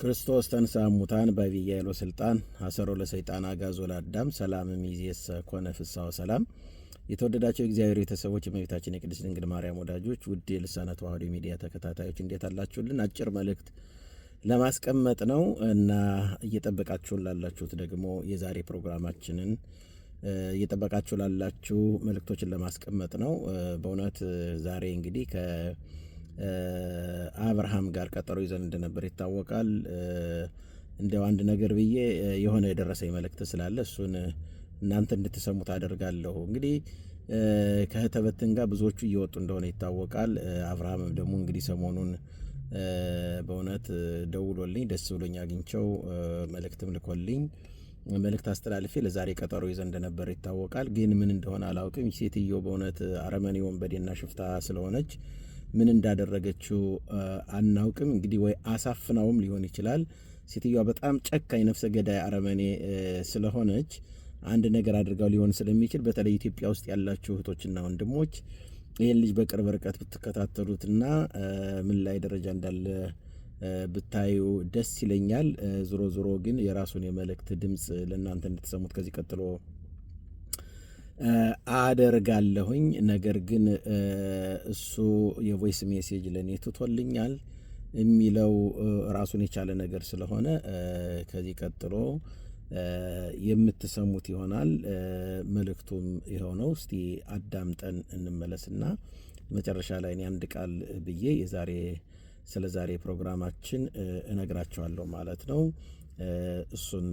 ክርስቶስ ተንሥአ እሙታን በኃይሉ ወሥልጣን አሰሮ ለሰይጣን አግዓዞ ለአዳም ሰላም እምይእዜሰ ኮነ ፍስሐ ሰላም። የተወደዳቸው የእግዚአብሔር ቤተሰቦች፣ የእመቤታችን የቅድስት ድንግል ማርያም ወዳጆች፣ ውድ የልሳነ ተዋህዶ ሚዲያ ተከታታዮች እንዴት አላችሁልን? አጭር መልእክት ለማስቀመጥ ነው እና እየጠበቃችሁን ላላችሁት ደግሞ የዛሬ ፕሮግራማችንን እየጠበቃችሁ ላላችሁ መልእክቶችን ለማስቀመጥ ነው። በእውነት ዛሬ እንግዲህ አብርሃም ጋር ቀጠሮ ይዘን እንደነበር ይታወቃል። እንዲያው አንድ ነገር ብዬ የሆነ የደረሰ መልእክት ስላለ እሱን እናንተ እንድትሰሙት አደርጋለሁ። እንግዲህ ከህተበትን ጋር ብዙዎቹ እየወጡ እንደሆነ ይታወቃል። አብርሃም ደግሞ እንግዲህ ሰሞኑን በእውነት ደውሎልኝ ደስ ብሎኝ አግኝቸው መልእክትም ልኮልኝ መልእክት አስተላልፌ ለዛሬ ቀጠሮ ይዘ እንደነበር ይታወቃል። ግን ምን እንደሆነ አላውቅም። ሴትዮ በእውነት አረመኔ ወንበዴና ሽፍታ ስለሆነች ምን እንዳደረገችው አናውቅም። እንግዲህ ወይ አሳፍናውም ሊሆን ይችላል። ሴትዮዋ በጣም ጨካኝ ነፍሰ ገዳይ አረመኔ ስለሆነች አንድ ነገር አድርጋው ሊሆን ስለሚችል በተለይ ኢትዮጵያ ውስጥ ያላችሁ እህቶችና ወንድሞች ይህን ልጅ በቅርብ ርቀት ብትከታተሉትና ምን ላይ ደረጃ እንዳለ ብታዩ ደስ ይለኛል። ዞሮ ዞሮ ግን የራሱን የመልእክት ድምፅ ለእናንተ እንድትሰሙት ከዚህ ቀጥሎ አደርጋለሁኝ። ነገር ግን እሱ የቮይስ ሜሴጅ ለእኔ ትቶልኛል የሚለው ራሱን የቻለ ነገር ስለሆነ ከዚህ ቀጥሎ የምትሰሙት ይሆናል። መልእክቱም ይኸው ነው። እስቲ አዳምጠን እንመለስና መጨረሻ ላይ አንድ ቃል ብዬ የዛሬ ስለ ዛሬ ፕሮግራማችን እነግራቸዋለሁ ማለት ነው። እሱን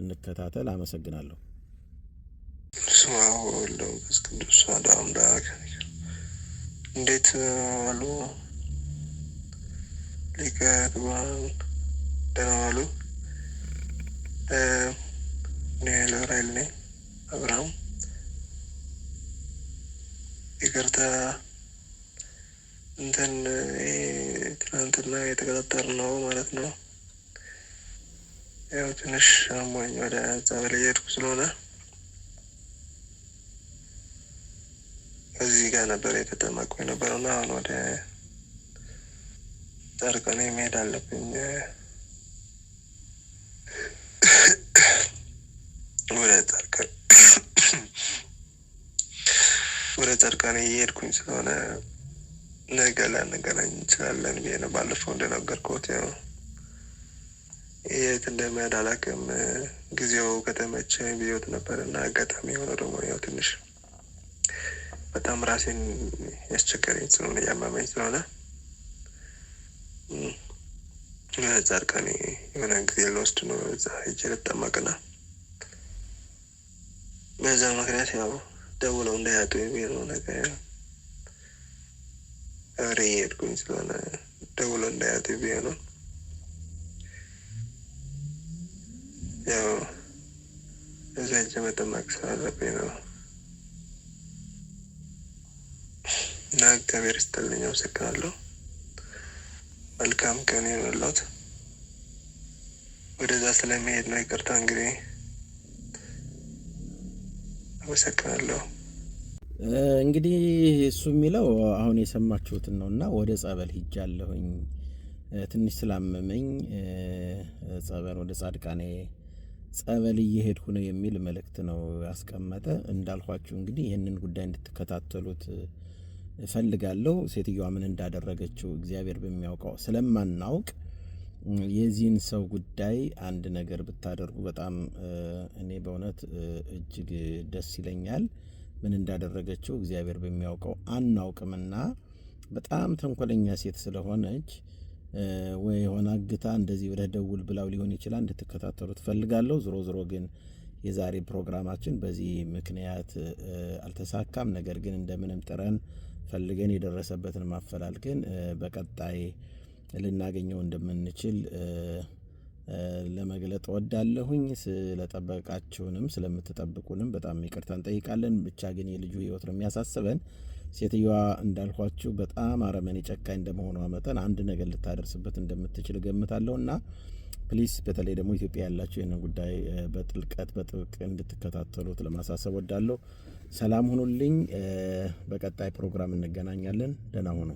እንከታተል። አመሰግናለሁ። በስመ አብ ወወልድ ወመንፈስ ቅዱስ አሐዱ አምላክ። እንዴት ዋሉ ሊቀ ትጉሃን? ደህና ዋሉ። እኔ ገብርኤል ነኝ አብርሃም። ይቅርታ እንትን ትናንትና ማለት ነው። ያው ትንሽ አሟኝ ወደ ጸበል እየሄድኩ ስለሆነ ነበር የተጠመቁ የነበረው እና አሁን ወደ ጨርቅ እኔ መሄድ አለብኝ ወደ ጨርቅ ወደ ጨርቅ እየሄድኩኝ ስለሆነ ነገ ላንገናኝ እንችላለን ብዬ ነው። ባለፈው እንደነገርኩት ያው የት እንደሚያዳላክም ጊዜው ከተመቸ ብዬሽ ነበር እና አጋጣሚ የሆነ ደግሞ ያው ትንሽ በጣም ራሴን ያስቸገረኝ ስለሆነ ያመመኝ ስለሆነ እዛ እርቃኔ የሆነ ጊዜ ለወስድ ነው እዛ ሄጄ ልጠመቅና በዛ ምክንያት ያው ደውለው እንዳያጡ የሚለው ነገር አብሬ የሄድኩኝ ስለሆነ ደውለው እንዳያጡ ነው። ያው እዛ ሄጄ መጠመቅ ስላለብኝ ነው። እና እግዚአብሔር ይስጥልኝ፣ አመሰግናለሁ። መልካም ቀን ይሁንልዎት። ወደዛ ስለመሄድ ነው። ይቅርታ እንግዲህ አመሰግናለሁ። እንግዲህ እሱ የሚለው አሁን የሰማችሁትን ነው እና ወደ ጸበል ሂጃለሁኝ ትንሽ ስላመመኝ ጸበል ወደ ጻድቃኔ ጸበል እየሄድኩ ነው የሚል መልእክት ነው ያስቀመጠ። እንዳልኳችሁ እንግዲህ ይህንን ጉዳይ እንድትከታተሉት እፈልጋለሁ። ሴትዮዋ ምን እንዳደረገችው እግዚአብሔር በሚያውቀው ስለማናውቅ የዚህን ሰው ጉዳይ አንድ ነገር ብታደርጉ በጣም እኔ በእውነት እጅግ ደስ ይለኛል። ምን እንዳደረገችው እግዚአብሔር በሚያውቀው አናውቅምና በጣም ተንኮለኛ ሴት ስለሆነች ወይ የሆነ አግታ እንደዚህ ብለህ ደውል ብላው ሊሆን ይችላል። እንድትከታተሉ ትፈልጋለሁ። ዞሮ ዞሮ ግን የዛሬ ፕሮግራማችን በዚህ ምክንያት አልተሳካም። ነገር ግን እንደምንም ጥረን ፈልገን የደረሰበትን ማፈላልገን በቀጣይ ልናገኘው እንደምንችል ለመግለጥ ወዳለሁኝ። ስለጠበቃችሁንም ስለምትጠብቁንም በጣም ይቅርታ እንጠይቃለን። ብቻ ግን የልጁ ህይወት ነው የሚያሳስበን። ሴትዮዋ እንዳልኳችሁ በጣም አረመኔ ጨካኝ እንደመሆኗ መጠን አንድ ነገር ልታደርስበት እንደምትችል እገምታለሁና ፕሊስ በተለይ ደግሞ ኢትዮጵያ ያላችሁ ይህንን ጉዳይ በጥልቀት በጥብቅ እንድትከታተሉት ለማሳሰብ ወዳለሁ። ሰላም ሁኑልኝ። በቀጣይ ፕሮግራም እንገናኛለን። ደህና ሁኑ።